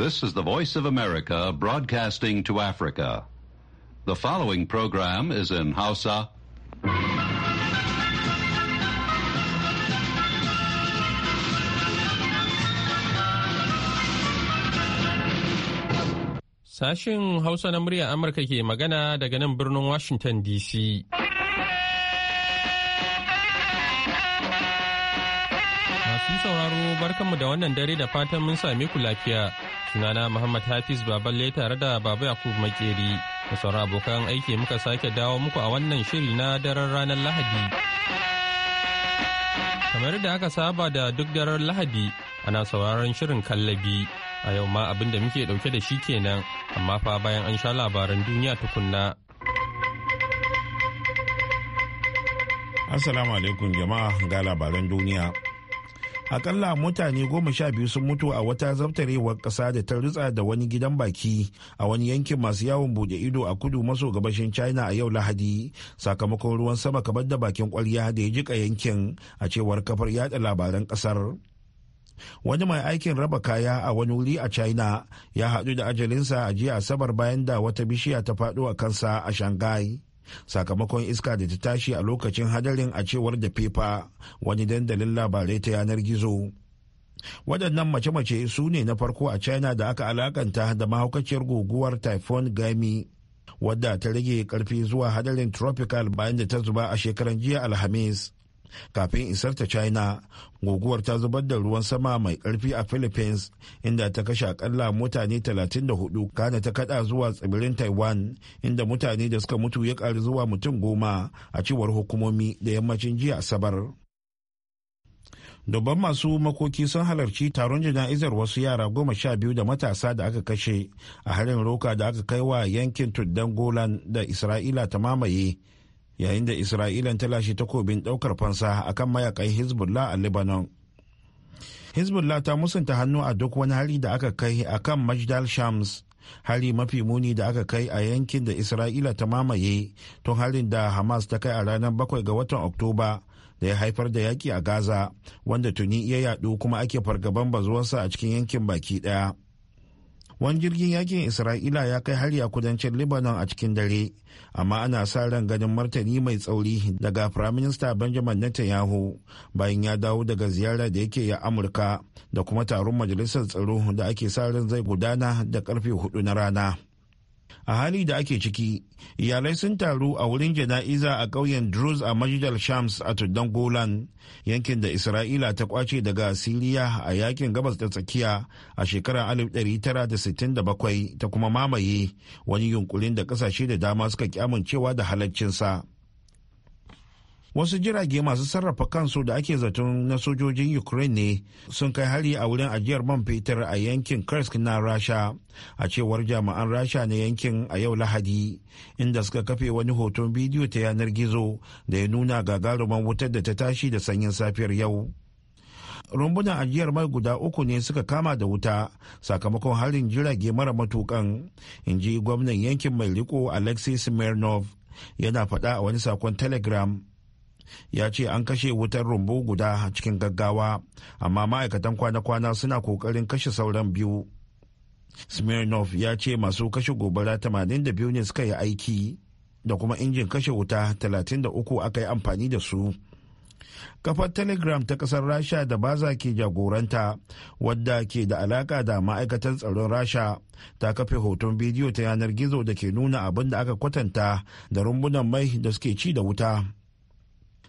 This is the Voice of America broadcasting to Africa. The following program is in Hausa. Sashin Hausa na murya Amurka ke magana daga nan birnin Washington DC. Masu sauraro barkanmu da wannan dare da fatan mun same ku lafiya. sunana Muhammad Hafiz Baballe tare da Baba Yakub Makeri da sauran abokan aiki muka sake dawo muku a wannan shiri na daren ranar Lahadi. Kamar da aka saba da duk daren Lahadi ana sauraron shirin kallabi a yau ma abin da muke dauke da shi kenan amma fa bayan an sha labaran duniya tukunna. Assalamu alaikum jama'a ga labaran duniya. akalla mutane goma sha biyu sun mutu a wata zaftarewar kasa da ta ritsa da wani gidan baki a wani yankin masu yawon bude ido a kudu maso gabashin china a yau lahadi sakamakon ruwan sama kamar da bakin kwarya da ya jika yankin a cewar kafar yada labaran kasar. wani mai aikin raba kaya a wani wuri a china ya haɗu da ajalinsa a jiya asabar bayan da wata bishiya ta faɗo a kansa a shanghai sakamakon iska da ta tashi a lokacin hadarin a cewar da fefa wani dandalin labarai ta yanar gizo waɗannan mace-mace su ne na farko a china da aka alakanta da mahaukaciyar guguwar typhoon gami wadda ta rage karfi zuwa hadarin tropical bayan da ta zuba a shekaran jiya alhamis kafin isar ta china guguwar ta zubar da ruwan sama mai karfi a philippines inda ta kashe akalla mutane 34 kana ta kada zuwa tsibirin taiwan inda mutane da suka mutu ya ƙari zuwa mutum goma a cewar hukumomi da yammacin jiya asabar dubban masu makoki sun halarci taron jana'izar wasu yara goma sha biyu da matasa da aka kashe a harin roka da aka kai wa yankin tuddan golan da isra'ila ta mamaye yayin da isra'ilan ta lashe takobin daukar fansa akan mayakai hezbollah a lebanon hezbollah ta musanta hannu a duk wani hari da aka kai a kan majdal shams hari mafi muni da aka kai a yankin da isra'ila ta mamaye tun harin da hamas ta kai a ranar 7 ga watan oktoba da ya haifar da yaki a gaza wanda tuni ya yaɗu kuma ake fargaban bazuwarsa a cikin yankin baki ɗaya wani jirgin yakin isra'ila ya kai hari a kudancin libanon a cikin dare amma ana sa ran ganin martani mai tsauri daga firaminista benjamin netanyahu bayan ya dawo daga ziyara da yake ya amurka da kuma taron majalisar tsaro da ake sa ran zai gudana da karfe hudu na rana a hali da ake ciki iyalai sun taru a wurin jana'iza a ƙauyen druze a majidal shams a tuddan golan yankin da isra'ila ta kwace daga siriya a yakin gabas da tsakiya a shekarar 1967 ta kuma mamaye wani yunkurin da ƙasashe da dama suka kyamun cewa da halaccinsa. wasu jirage masu sarrafa kansu da ake zaton na sojojin ukraine ne sun kai hari a wurin ajiyar man fetur a yankin kursk na rasha a cewar jami'an rasha na yankin a yau lahadi inda suka kafe wani hoton bidiyo ta yanar gizo da ya nuna gagaruman wutar da ta tashi da sanyin safiyar yau rumbunan ajiyar mai guda uku ne suka kama da wuta sakamakon harin jirage mara matukan in ji gwamnan yankin mai riko alexis smirnov yana faɗa a wani sakon telegram ya ce an kashe wutar rumbu guda a cikin gaggawa amma ma'aikatan kwana-kwana suna kokarin kashe sauran biyu smirnov ya ce masu kashe gobara 82 ne suka yi aiki da kuma injin kashe wuta 33 aka yi amfani da su kafar telegram ta kasar rasha da baza ke jagoranta wadda ke da alaka da ma'aikatan tsaron rasha ta kafe hoton bidiyo ta yanar gizo da ke nuna abin da aka kwatanta da rumbunan mai da suke ci da wuta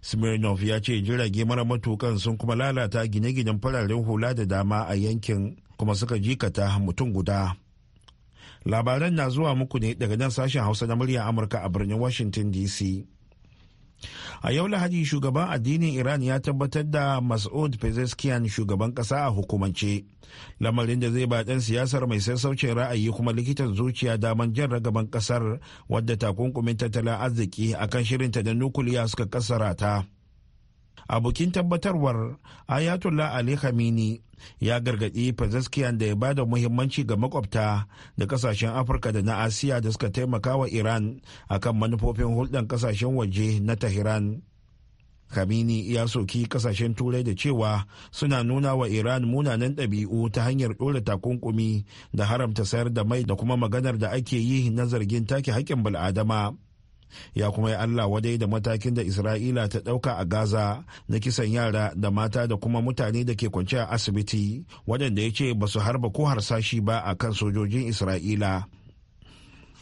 smirnov ya ce jirage mara matukan sun kuma lalata gine-ginen fararen hula da dama a yankin kuma suka jikata mutum guda labaran na zuwa muku ne daga nan sashen hausa na murya amurka a birnin washington dc A yau Lahadi shugaban addinin Iran ya tabbatar da Mas'ud Pezeshkian shugaban ƙasa a hukumance. Lamarin da zai ba ɗan siyasar mai sassaucin ra'ayi kuma likitan zuciya daman jan ragaban ƙasar wadda takunkumin tattalin arziki akan shirinta da nukuliya suka kasara ta. abokin tabbatarwar ayatollah ali khamenei ya gargaɗi Pezeskiyan da ya ba da muhimmanci ga makwabta da kasashen afirka da na asiya da suka taimaka wa iran akan manufofin hulɗan kasashen waje na tehran Kamini ya soki kasashen turai da cewa suna nuna wa Iran munanan ɗabi'u ta hanyar ɗora takunkumi da haramta sayar da mai da kuma maganar da ake yi na zargin take haƙƙin bil'adama. ya kuma yi allah wadai da matakin da isra'ila ta ɗauka a gaza na kisan yara da mata da kuma mutane da ke kwance a asibiti waɗanda ya ce ba su harba ko harsashi ba a kan sojojin isra'ila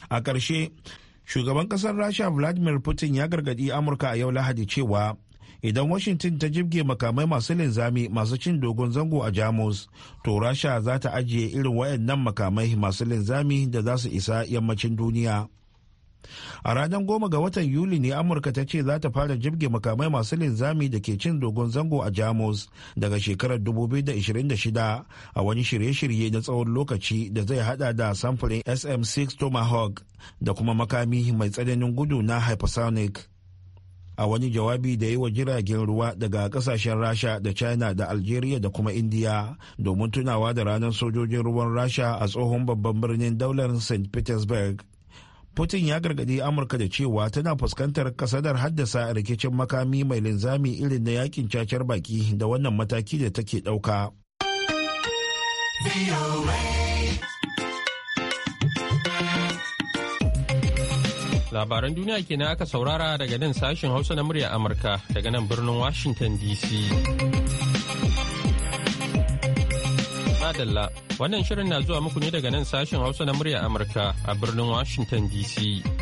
a ƙarshe shugaban ƙasar rasha vladimir putin ya gargaɗi amurka a yau lahadi cewa idan washington ta jibge makamai masu linzami masu cin dogon zango a jamus to rasha za ta ajiye irin wayannan makamai masu linzami da za su isa yammacin duniya a ranar goma ga watan yuli ne amurka ta ce za ta fara jibge makamai masu linzami da ke cin dogon zango a jamus daga shekarar 2026 a wani shirye-shirye na tsawon lokaci da zai hada da samfurin sm6 tomahawk da kuma makami mai tsananin gudu na hypersonic a wani jawabi da yi wa jiragen ruwa daga kasashen rasha da china da algeria da kuma india domin tunawa da ranar sojojin ruwan rasha a tsohon babban birnin daular st petersburg putin ya gargadi amurka da cewa tana fuskantar kasadar haddasa rikicin makami mai linzami irin na yakin cacar baki da wannan mataki da take ɗauka. labaran duniya kenan aka saurara daga nan sashen hausa na murya amurka daga nan birnin washington dc dalla wannan shirin na zuwa muku ne daga nan sashen hausa na murya amurka a birnin washington dc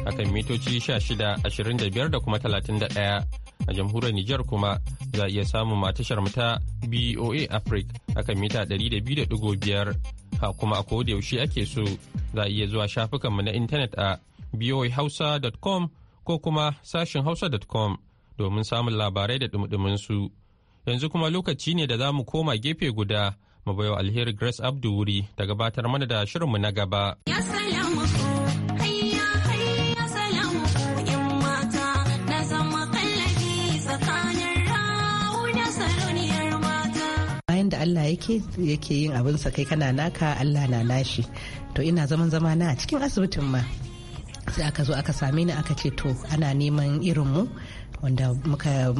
akan mitoci 16 da kuma 31 a jamhuriyar Nijar kuma za a iya samun matashar ta BOA Africa akan mita 200.5 ha kuma a koda yaushe ake so za a iya zuwa shafukanmu na intanet a boahausa.com ko kuma sashen hausa.com domin samun labarai da dumudumin su yanzu kuma lokaci ne da za mu koma gefe guda mu alheri Grace Abdu wuri ta gabatar mana da shirinmu na gaba. Bayan da Allah yake yake yin abinsa kai kana naka Allah na nashi to ina zaman zama na cikin asibitin ma sai aka zo aka same ni aka ce to ana neman irin mu wanda muka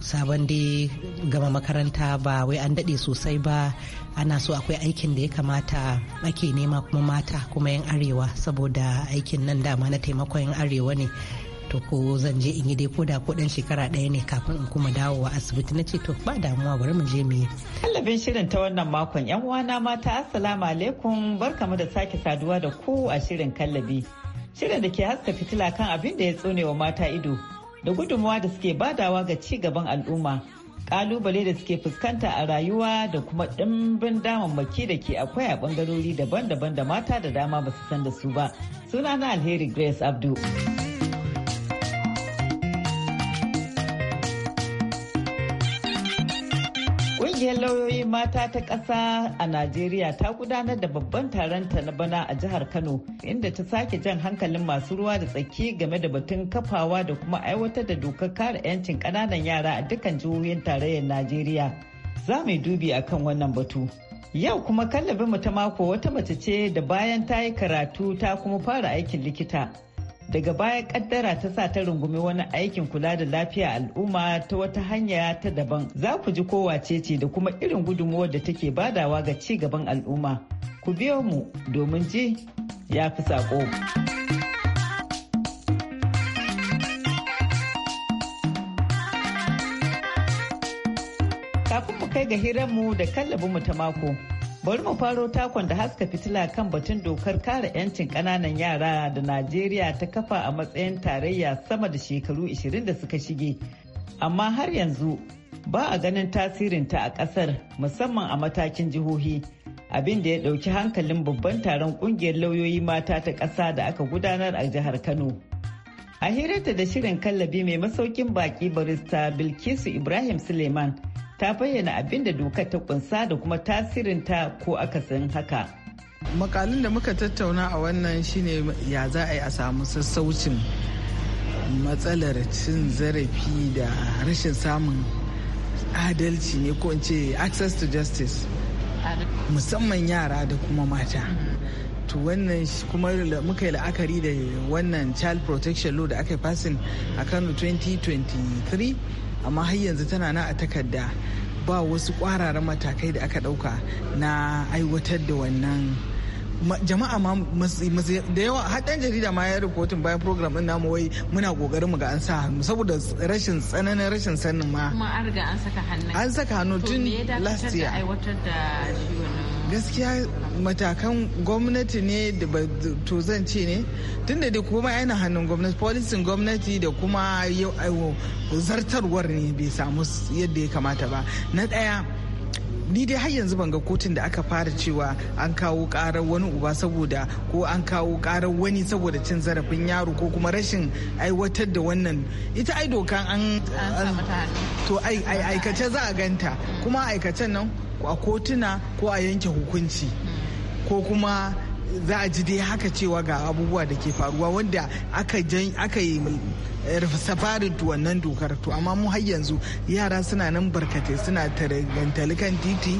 sabon da gama makaranta ba wai an daɗe sosai ba ana so akwai aikin da ya kamata ake nema kuma mata kuma yan arewa saboda aikin nan dama na taimakon yan arewa ne to ko zan je in yi dai ko da ko dan shekara ɗaya ne kafin in kuma dawowa asibiti na ce to ba damuwa bari mu je mu yi. Kallabin shirin ta wannan makon yan uwana mata assalamu alaikum barkamu da sake saduwa da ku a shirin kallabi. Shirin da ke haska fitila kan abin da ya tsone wa mata ido da gudunmawa da suke badawa ga ci gaban al'umma kalubale da suke fuskanta a rayuwa da kuma ɗimbin damammaki da ke akwai a bangarori daban-daban da mata da dama ba su san da su ba sunana alheri grace abdu. Ƙungiyar lauyoyi mata ta ƙasa a Najeriya ta gudanar da babban taron ta na bana a jihar Kano inda ta sake jan hankalin masu ruwa da tsaki game da batun kafawa da kuma aiwatar da dokar kare 'yancin ƙananan yara a dukkan jihohin tarayyar Najeriya. Za mu yi dubi a kan wannan batu. Yau kuma kallabinmu ta mako wata mace ce da bayan ta yi karatu ta kuma fara aikin likita. daga baya kaddara ta sa ta rungumi wani aikin kula da lafiya al'umma ta wata hanya ta daban za ku ji kowace ce da kuma irin gudunmuwar da take badawa ga ci gaban al'umma ku biyo mu domin ji ya fi saƙo. kafin mu kai ga hiranmu da kallabinmu ta mako Bari mu faro takon da haska fitila kan batun dokar kare 'yancin kananan yara da Najeriya ta kafa a matsayin tarayya sama da shekaru 20 da suka shige. Amma har yanzu ba a ganin tasirinta a ƙasar musamman a matakin jihohi. Abin da ya ɗauki hankalin babban taron ƙungiyar lauyoyi mata ta ƙasa da aka gudanar a jihar Kano. A hirarta da shirin kallabi mai masaukin baƙi barista Bilkisu Ibrahim Suleiman. ta bayyana abin da dokar ta kunsa da kuma tasirinta ko aka san haka. Makalin da muka tattauna a wannan shine ya za a yi a samu sassaucin matsalar cin zarafi da rashin samun adalci ne ko in ce access to justice musamman yara da kuma mata. to wannan kuma muka yi la'akari da wannan child protection law da aka yi passing a kano 2023 amma har yanzu tana na a takarda ba wasu kwararan matakai da aka ɗauka na aiwatar da wannan jama'a ma da yawa haɗin jarida ma ya rikotin bayan program ɗin namu wai muna ƙoƙarin mu ga an sa hannu saboda rashin tsananin rashin sanin ma an riga an saka hannu an saka hannu tun last year aiwatar da shi wannan gaskiya matakan gwamnati ne da to zan ce ne tun da kuma yana hannun gwamnati policin gwamnati da kuma zartarwar ne bai samu yadda ya kamata ba na ɗaya ni dai har yanzu ban ga kotun da aka fara cewa an kawo karar wani uba saboda ko an kawo karar wani saboda cin zarafin yaro ko kuma rashin aiwatar da wannan ita ai dokan an to aikace za a ganta kuma aikacen nan a kotuna ko a yanke hukunci ko kuma za a ji dai haka cewa ga abubuwa da ke faruwa wanda aka yi eh, safarin wannan dokar to amma mu har yanzu yara suna nan barkatai suna tarantali kan titi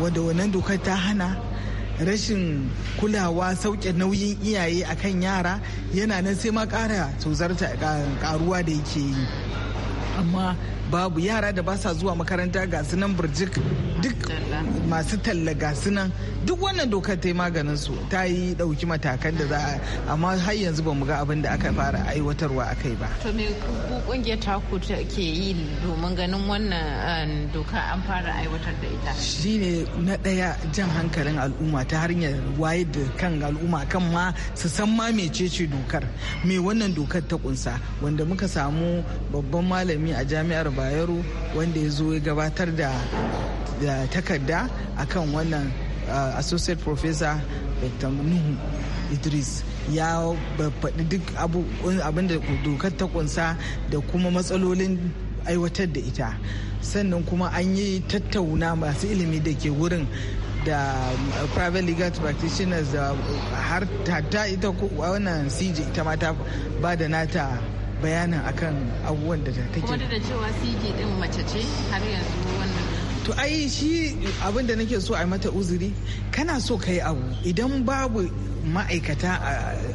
wanda wannan dokar ta hana rashin kulawa sauke nauyin iyaye akan yara yana nan sai ma kara tozarta karuwa da yake yi amma babu yara da ba sa zuwa makaranta ga su nan duk masu talla ga su duk wannan dokar ta yi maganin su ta yi dauki matakan da za a amma har yanzu ba mu ga abin da aka fara aiwatarwa a kai ba. To me kungiyar taku ke yi domin ganin wannan um, doka an fara aiwatar da ita? Shi na ɗaya jan hankalin al'umma ta hanyar wayar da kan al'umma kan ma su san ma mecece dokar me wannan dokar ta kunsa wanda muka samu babban malami a jami'ar bayero wanda ya zo ya gabatar da takarda akan wannan uh, associate professor dr nuhu idris ya faɗi duk abin da dokar ta kunsa da kuma matsalolin aiwatar da ita sannan kuma an yi tattauna masu ilimi da ke wurin da uh, private legal practitioners da har ta ita wannan cj ita ma ta ba da nata bayanin akan abubuwan da take kuma da cewa ciki din mace ce har yanzu wannan to ai shi abin da nake so a mata uzuri kana so ka yi abu idan babu ma'aikata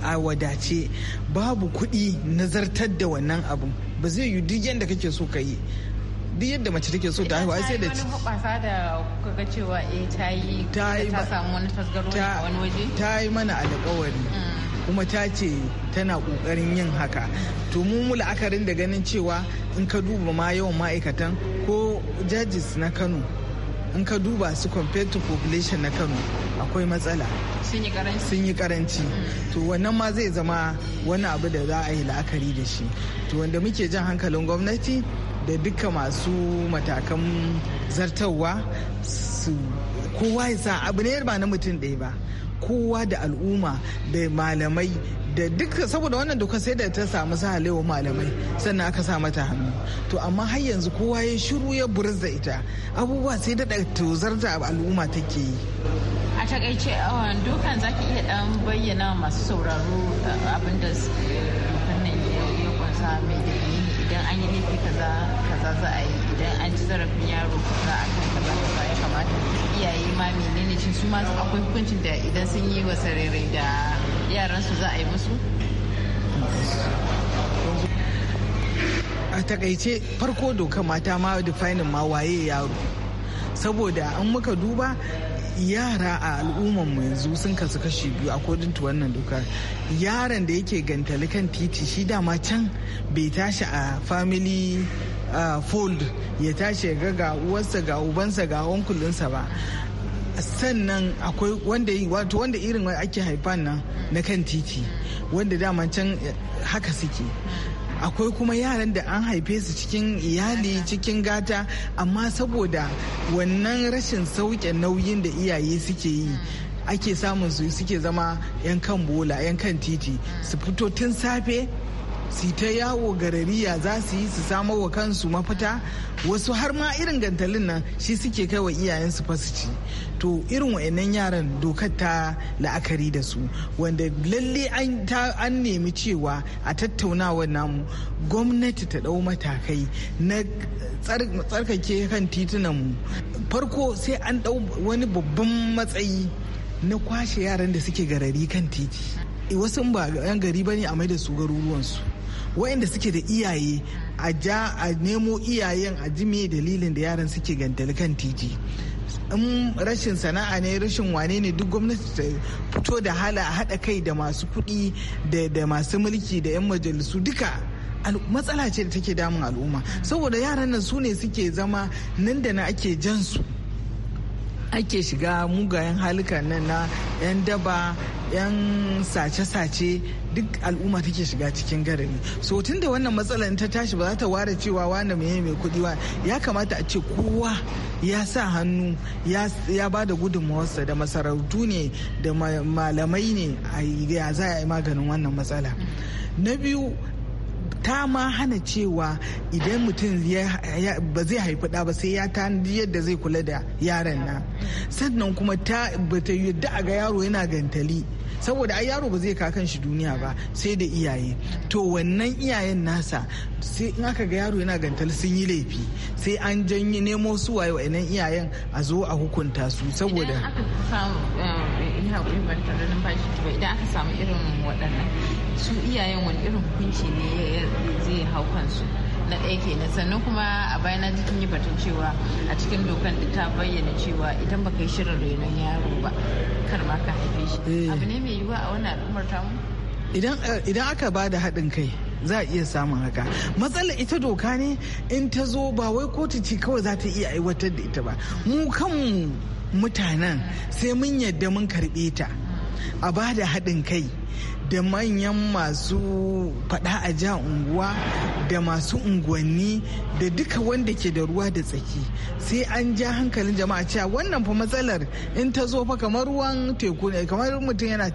a wadace babu kuɗi nazartar da wannan abu ba zai yi duk yadda kake so ka yi duk yadda mace take so ta haihuwa sai da ci da kuka cewa eh ta yi ta samu wani tasgaro wani waje ta yi mana alƙawari mm. kuma ta ce tana kokarin yin haka to mu la'akarin da ganin cewa in ka duba ma yawan ma'aikatan ko jajis na kano in ka duba su compared to population na kano akwai matsala sun yi karanci to wannan ma zai zama wani abu da za a yi la'akari da shi to wanda muke jan hankalin gwamnati da duka masu matakan zartarwa su kowa ya sa abu ne ba na mutum ɗaya ba kowa da al'umma da malamai da duk saboda wannan doka sai da ta samu sahalewa malamai sannan aka sa mata hannu to amma har yanzu kowa ya shiru ya burza ita abubuwa sai da tozarta al'umma take yi a takaice dokan za ki iya dan bayyana masu sauraro eh, abin da nan ya kunsa mai da idan an yi laifi kaza kaza za a yi idan an ci zarafin yaro kaza a kan kaza kaza iyaye ma menene shi su ma akwai hukuncin da idan sun yi wa sarere da yaransu za a yi musu a takaice farko doka mata ma fainin ma waye yaro saboda an muka duba yara a al'umman mu yanzu sun kasu kashi biyu a kodin wannan doka yaron da yake gantali kan titi shi dama can bai tashi a family fold ya tashi ga ga uwarsa ga ubansa ga onkulinsa ba sannan akwai wanda wato wanda irin ake haifan nan na kan titi wanda dama can haka suke akwai kuma yaran da an haife su cikin iyali cikin gata amma saboda wannan rashin sauke nauyin da iyaye suke yi ake samun su suke zama 'yan kan bola 'yan kan titi su fito tun safe su ta yawo garariya za su yi su samo wa kansu mafita wasu har ma irin gantalin nan shi suke kai wa iyayensu ci to irin wa'annan yaran dokar ta la'akari da su wanda lalle an nemi cewa a tattaunawar namu gwamnati ta ɗau matakai na tsarkake kan titunan mu. farko sai an ɗau wani babban matsayi na kwashe yaran da suke garari kan titi wasu ba 'yan gari ba ne a mai da su garuruwansu waɗanda suke da iyaye a ja a nemo iyayen a ji dalilin da yaran suke gantali kan titi in rashin sana'a ne rashin wane ne duk gwamnati ta fito da hala a haɗa kai da masu kuɗi da masu mulki da 'yan majalisu duka matsala ce da take damun al'umma saboda yaran nan su ne suke zama nan da na ake jansu ake shiga mugayen halika nan na 'yan daba 'yan sace-sace duk al'umma take shiga cikin garami so tun da wannan matsalar ta tashi ba za ta ware cewa wanda mai mai kudi wa ya kamata a ce kowa ya sa hannu ya ba da gudunmawarsa da masarautu ne da malamai ne a ya za a yi maganin wannan matsala na biyu ta ma hana cewa idan mutum ba zai haifi ɗa ba sai ya tanadi yadda zai kula da yaran na sannan kuma ta bata yadda a ga yaro yana gantali saboda ai yaro ba zai ka kan shi duniya ba sai da iyaye to wannan iyayen nasa sai in aka ga yaro yana gantal sun yi laifi sai an janye nemo su waye iyayen a zo a hukunta su saboda eh, idan aka samu irin waɗannan su iyayen wani irin hukunci ne zai hau na ɗaya kenan sannan kuma a baya na jikin yi batun cewa a cikin dokan da ta bayyana cewa idan baka yi shirin renon yaro ba kar ma ka haife shi eh. abu ne mai yiwuwa a wannan al'ummar tamu eh, idan aka ba da haɗin kai za a iya samun haka matsala ita doka ne in ta zo ba wai kotu ce kawai za ta iya aiwatar da ita ba mu kanmu mutanen sai mun yadda mun karɓe ta a ba da haɗin kai da manyan masu fada a ja unguwa da masu unguwanni da duka wanda ke da ruwa da tsaki sai an ja hankalin jama'a cewa wannan fa matsalar in ta zo fa kamar ruwan teku ne kamar mutum yana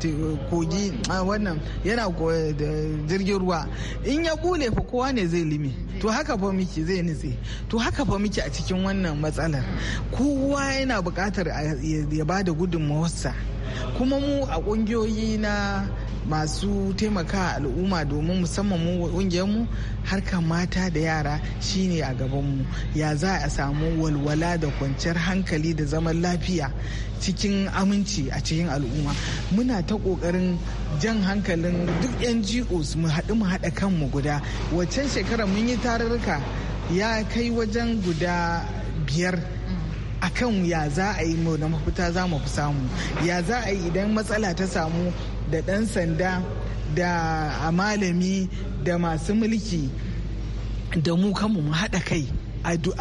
kogi wannan yana jirgin ruwa in ya bule fa kowa ne zai limi to haka fa miki zai nutse to haka fa miki a cikin wannan matsalar kowa yana buƙatar ya bada gudunmawarsa kuma mu a ƙungiyoyi na masu taimaka al'umma domin musamman mu mu harkar mata da yara shine a gabanmu ya za a samu walwala da kwanciyar hankali da zaman lafiya cikin aminci a cikin al'umma muna ta kokarin jan hankalin duk ngos mu haɗu mu haɗa kanmu guda waccan shekara mun yi tarurruka ya kai wajen guda biyar akan ya za a yi mu na mafita za mu fi samu ya za a yi idan matsala ta samu da ɗan sanda da malami da masu mulki da mu kanmu mu haɗa kai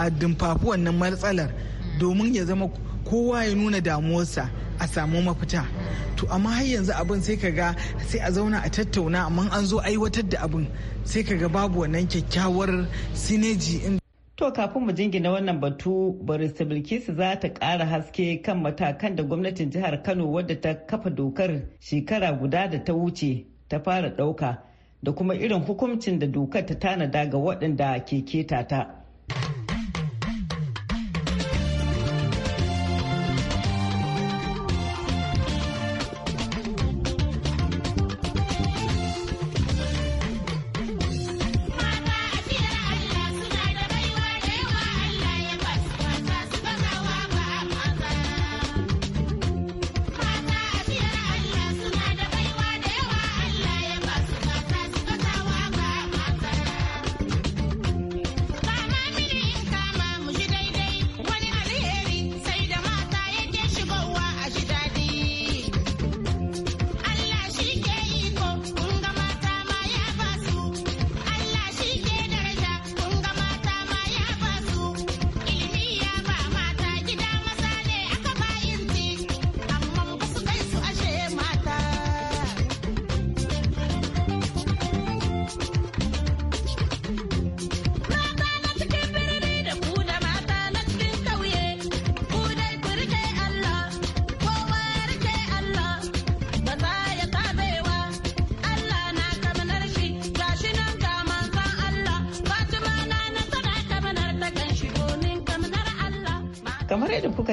a dumfafi wannan matsalar domin ya zama kowa ya nuna damuwarsa a samu mafita to amma har yanzu abin sai ka ga sai a zauna a tattauna amma an zo aiwatar da abin sai ka ga babu wannan kyakkyawar sineji To kafin mu jingina wannan batu, Barista Bilkisu za ta ƙara haske kan matakan da gwamnatin jihar Kano wadda ta kafa dokar shekara guda da ta wuce ta fara ɗauka da kuma irin hukuncin da dokar ta tanada ga waɗanda ke keta ta.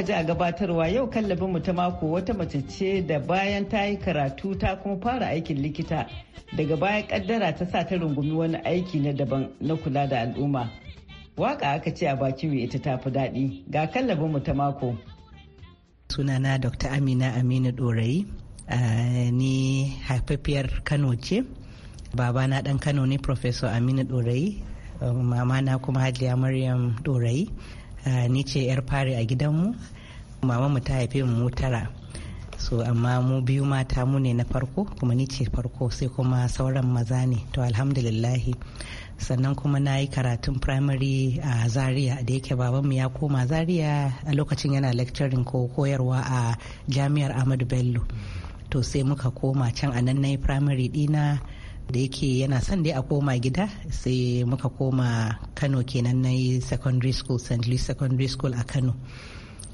ji a gabatarwa yau kallabin mu ta mako wata mace ce da bayan ta yi karatu ta kuma fara aikin likita daga baya kaddara ta sa ta rungumi wani aiki na daban na kula da al'umma. Waka aka ce a baki ita tafi daɗi ga kallabin mu ta mako. Sunana Dr. Amina Aminu Dorayi, ni haifafiyar Kano ce. Babana dan Kano ne Professor Aminu Dorayi, mama na kuma Hajiya Maryam Dorayi. Eh, ni ce 'yar fari a gidanmu mama mu ta haife mu tara so amma mu biyu mata mu ne na farko kuma ni ce farko sai kuma sauran maza ne to alhamdulillahi sannan kuma na yi karatun primary a zaria da yake babanmu ya koma zaria a lokacin yana lecturing ko koyarwa a jami'ar ahmadu bello to sai muka koma can a nan na yi primary dina da yake yana son dai a koma gida sai muka koma kano kenan na yi secondary school st louis secondary school a kano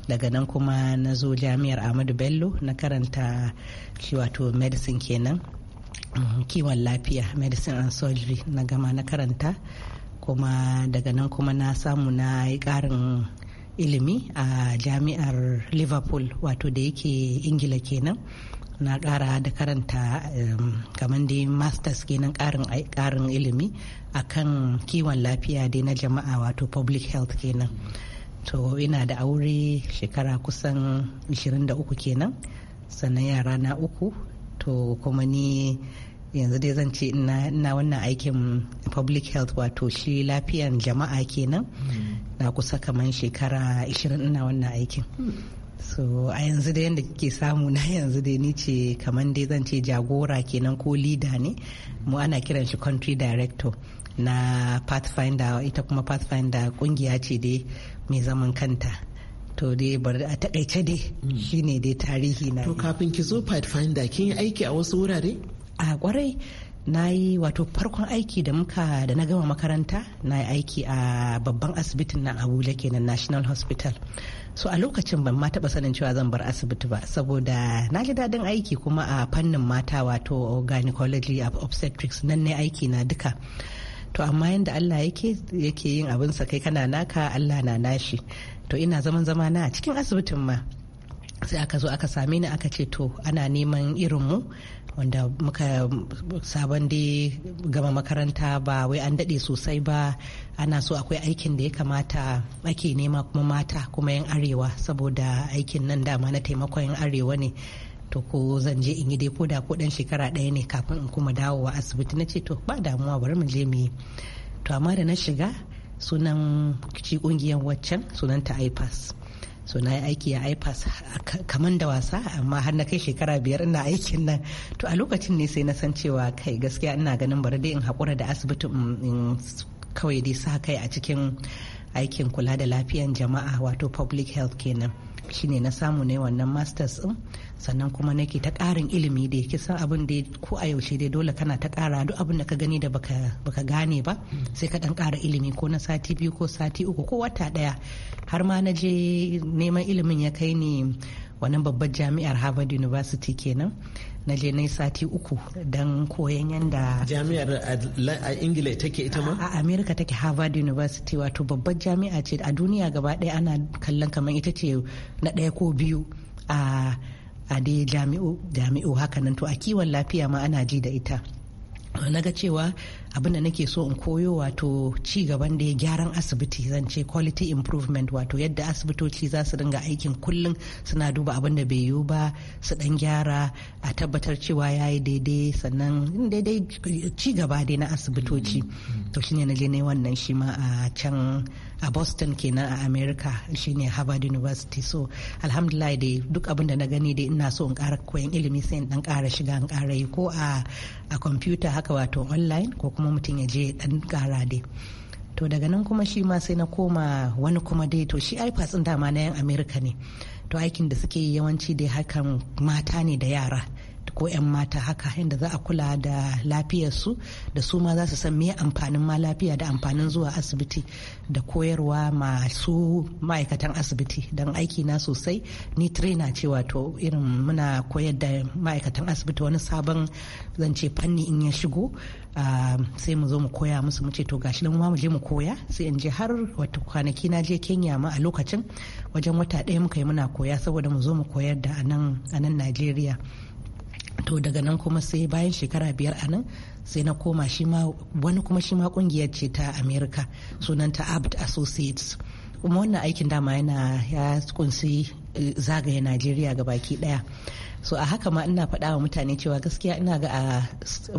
daga nan kuma na zo jami'ar ahmadu bello na karanta wato medicine kenan mm, kiwon lafiya medicine and surgery na gama na karanta kuma daga nan kuma na samu na yi karin ilimi a jami'ar liverpool wato da yake ingila kenan na kara da karanta kamar dai masters kenan karin ilimi akan kiwon lafiya dai na jama'a wato public health kenan to ina da aure shekara kusan 23 kenan sannan yara na uku to kuma ni yanzu dai zan ce ina wannan aikin public health wato shi lafiyan jama'a kenan hmm. na kusa kamar shekara 20 ina wannan aikin hmm. so a yanzu da yadda kike samu na yanzu da ni ce kamar dai zan ce jagora kenan ko leader ne mu ana kiran shi country director na pathfinder ita kuma pathfinder kungiya ce dai mai zaman kanta to dai bari a takaice dai mm. shine dai tarihi na to kafin ki zo pathfinder kin yi aiki a wasu wurare a kwarai na yi wato farkon aiki da muka da na gama makaranta na yi aiki a babban asibitin nan abuja kenan national hospital so a lokacin ban ma sanin cewa zan bar asibiti ba saboda na ji daɗin aiki kuma a fannin mata wato gynecology obstetrics nan ne aiki na duka to amma yadda allah yake yin yin sa kai kana naka allah na nashi to ina zaman zama na cikin asibitin ma sai aka zo aka same ni aka ce to ana neman irin mu wanda muka sabon da gama makaranta ba wai an daɗe sosai ba ana so akwai aikin da ya kamata ake nema kuma mata kuma yan arewa saboda aikin nan dama na taimakon yan arewa ne to ko zan je in yi dai ko da ko dan shekara ɗaya ne kafin in kuma dawowa asibiti na ce to ba damuwa bari mu je mu yi to amma da na shiga sunan ci kungiyar waccan sunanta ipas so na yi aiki a ipas kaman da wasa amma har na kai shekara biyar ina aikin nan to a lokacin ne sai na san cewa kai gaskiya ina ganin bari dai in haƙura da asibiti in kawai dai sa kai a cikin aikin kula da lafiyan jama'a wato public health kenan shine na samu ne wannan masters din sannan kuma nake ta karin ilimi da yake san abin da ko a yaushe dai dole kana ta kara duk abin da ka gani da baka baka gane ba sai ka dan kara ilimi ko na sati biyu ko sati uku ko wata ɗaya har ma na je neman ilimin ya kai ni wannan babbar jami'ar Harvard University kenan na je na sati uku don koyon yadda jami'ar a ingila take ita ma a america take harvard university wato babbar jami'a ce a duniya gaba ɗaya ana kallon kamar ita ce na ɗaya ko biyu a a dai jami'o jami'o hakanan to a kiwon lafiya ma ana ji da ita na ga cewa abin da nake so in koyo wato ci gaban da ya gyaran asibiti zan ce quality improvement wato yadda asibitoci za su dinga aikin kullum suna duba abin da bai yiwu ba su dan gyara a tabbatar cewa ya yi daidai sannan daidai ci gaba dai na asibitoci mm-hmm. to shine na je ne wannan shi ma a can a boston kenan a america shine harvard university so alhamdulillah dai duk abin da na gani dai ina so in kara koyan ilimi sai in dan kara shiga in kara yi ko a a computer haka wato online ko kuma mutum ya je dan kara dai to daga nan kuma shi ma sai na koma wani kuma dai to shi ipas din dama na yan amerika ne to aikin da suke yawanci dai hakan mata ne da yara ko 'yan mata haka yadda za a kula da lafiyarsu da su ma za su san me amfanin ma lafiya da amfanin zuwa asibiti da koyarwa masu ma'aikatan asibiti don aiki na sosai ni trainer cewa wato irin muna koyar da ma'aikatan asibiti wani sabon zance fanni in ya shigo sai mu zo mu koya musu mu ce to gashi nan mu je mu koya sai in je har wata kwanaki na je kenya ma a lokacin wajen wata ɗaya muka yi muna koya saboda mu zo mu koyar da a nan najeriya to daga nan kuma sai bayan shekara biyar a nan sai na koma wani kuma shi ma kungiyar ce ta america sunanta abd associates kuma wannan aikin dama yana ya kunsi eh, zagaya najeriya ga baki daya so a haka ma ina faɗa wa mutane cewa gaskiya ina ga a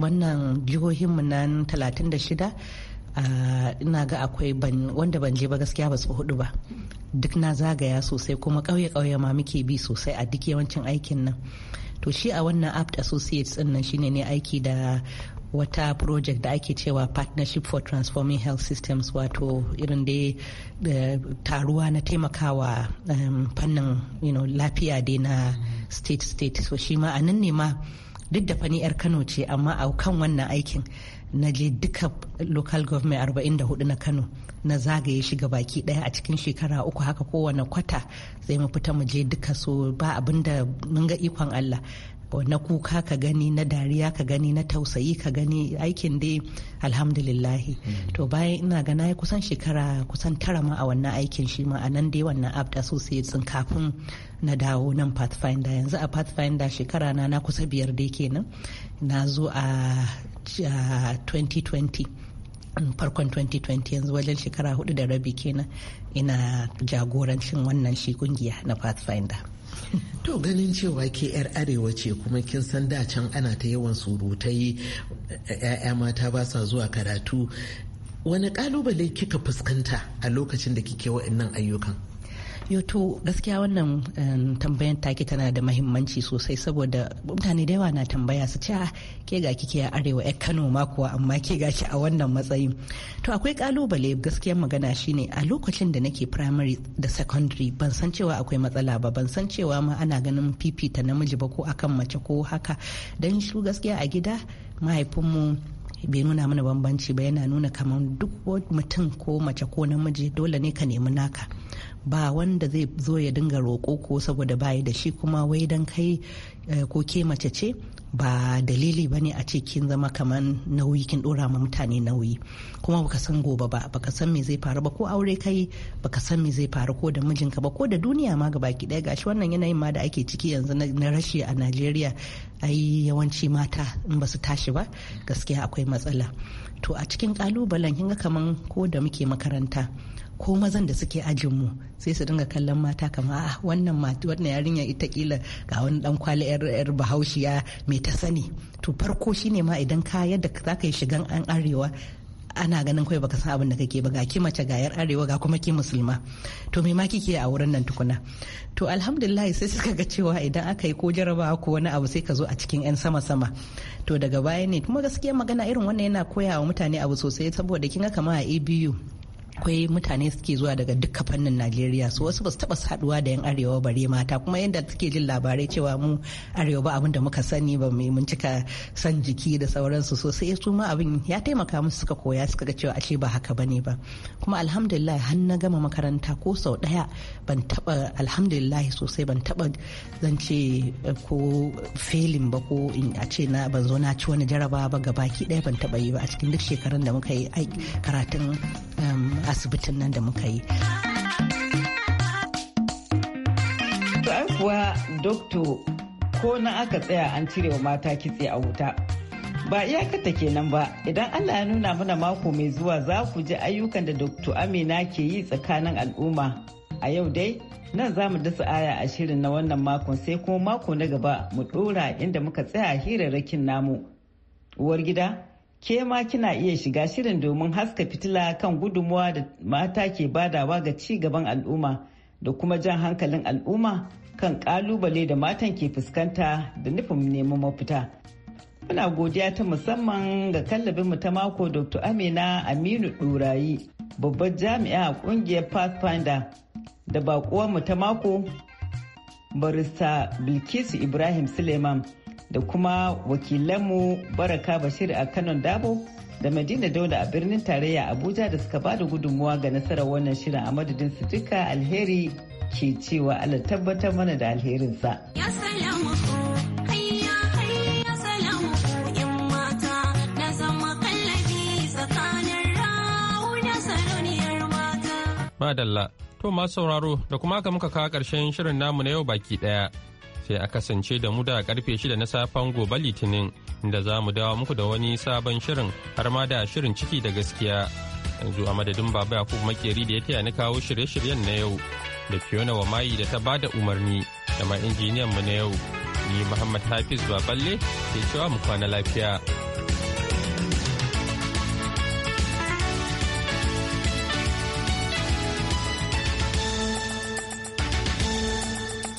wannan jihohinmu nan 36 ina ga akwai wanda ban je ba gaskiya ba su hudu ba duk na zagaya sosai kuma ƙauye-ƙauye ma muke bi sosai a duk yawancin aikin nan to shi a wannan apt associates din nan shine ne aiki da wata project da ake cewa partnership for transforming health systems wato irin dai taruwa na taimakawa um, fannin lafiya dai na state state so shi ma a nan ne ma duk da fani yar kano ce amma a kan wannan aikin na je duka local government 44 na kano na zagaye shiga baki daya a cikin shekara uku haka kowane kwata sai mu fita mu je duka so ba abinda mun ga ikon allah na kuka ka gani na dariya ka gani na tausayi ka gani aikin dai alhamdulillahi mm. to bayan ina ga na kusan shekara kusan tara ma a wannan aikin shi ma a nan dai wannan apt associates kafin na dawo nan pathfinder yanzu a pathfinder shekara na na kusa biyar dai kenan na zo a 2020 farkon 2020 yanzu wajen shekara hudu da rabi kenan ina jagorancin wannan shi kungiya na pathfinder to ganin cewa ke yar arewa ce kuma kin san da can ana ta yawan surutai 'ya'ya mata ba sa zuwa karatu wani kalubale kika fuskanta a lokacin da kike wa'annan ayyukan Yoto gaskiya wannan tambayan take tana da mahimmanci sosai saboda mutane da yawa na tambaya su ce ah, ke ga kike a arewa ya Kano ma kuwa amma ke ga ki a wannan matsayin. To akwai kalubale gaskiyar magana shine a lokacin da nake primary da secondary ban san cewa akwai matsala ba ban san cewa ma ana ganin fifita namiji ba ko akan mace ko haka dan su gaskiya a gida mahaifinmu bai nuna mana bambanci ba yana nuna kamar duk mutum ko mace ko namiji dole ne ka nemi naka. ba wanda zai zo ya dinga roƙo ko saboda bayi da shi kuma wai dan kai eh, ko ke mace ce ba dalili ba a ce kin zama kaman nauyi kin dora ma mutane nauyi kuma baka san gobe ba baka san me zai faru ba ko aure kai baka san me zai faru ko da mijinka ba ko da duniya ma gabaki daya gashi wannan yanayin ma da ake ciki yanzu na rashi a Najeriya ai yawanci mata in ba su tashi ba gaskiya akwai matsala to a cikin kalubalen kinga kaman ko da muke makaranta ko mazan da suke ajin mu sai su dinga kallon mata kamar a ah, wannan mata wannan yarinya ita kila ga wani dan kwali yar yar bahaushiya mai ta sani to farko shine ma idan ka yadda zaka yi shigan an arewa ana ganin kawai baka san abin da kake ba ga ki mace ga yar arewa ga kuma ki musulma to me ma kike a wurin nan tukuna to alhamdulillah sai suka ga cewa idan aka yi ko jaraba ko wani abu sai ka zo a cikin yan sama sama to daga baya ne kuma gaskiya magana irin wannan yana koya wa mutane abu sosai saboda kin ga kamar a ABU akwai mutane suke zuwa daga duka fannin najeriya su wasu basu taba saduwa da yan arewa bare mata kuma yadda suke jin labarai cewa mu arewa ba abin da muka sani ba mai mun cika san jiki da sauransu sai su ma abin ya taimaka musu suka koya suka ga cewa ashe ba haka bane ba kuma alhamdulillah har na gama makaranta ko sau daya ban taba alhamdulillah sosai ban taba zance eh, ko felin ba ko in a ce na ban zo na ci wani jarabawa ba gabaki daya ban taba yi ba a cikin duk shekarun da muka yi karatun Um, asibitin nan da muka yi. kuwa dr. ko na aka tsaya an cire wa mata kitse a wuta ba iyakata kenan ba idan allah ya nuna mana mako mai zuwa za ku ji ayyukan da dr. amina ke yi tsakanin al'umma a yau dai nan za mu dasa aya a shirin na wannan makon sai kuma mako na gaba mu dora inda muka tsaya hirarrakin namu uwar gida ke ma kina iya shiga shirin domin haska fitila kan gudunmuwa da mata ke badawa ga ci gaban al'umma da kuma jan hankalin al'umma kan kalubale da matan ke fuskanta da nufin neman mafita. Muna godiya ta musamman ga kallabin mu ta mako Dr. Amina Aminu Ɗurayi, babbar jami'a a ƙungiyar Pathfinder da mu ta mako barista Bilkisu Ibrahim Suleiman. da kuma wakilanmu baraka bashir a kanon dabo da madina daula a birnin tarayya abuja da suka bada gudunmuwa ga nasarar wannan shirin a madadin su duka alheri ke cewa allah tabbatar mana da alherinsa. Ya Madalla. To masu sauraro da kuma haka muka kawo ƙarshen shirin namu na yau baki ɗaya sai a kasance da mu da karfe shida na safen gobe litinin da za mu dawo muku da wani sabon shirin har ma da shirin ciki da gaskiya yanzu a madadin baba yakubu makeri da ya taya ni kawo shirye-shiryen na yau da fiona wa mayi da ta ba da umarni da ma injiniyan mu na yau ni muhammad hafiz baballe ke cewa mu kwana lafiya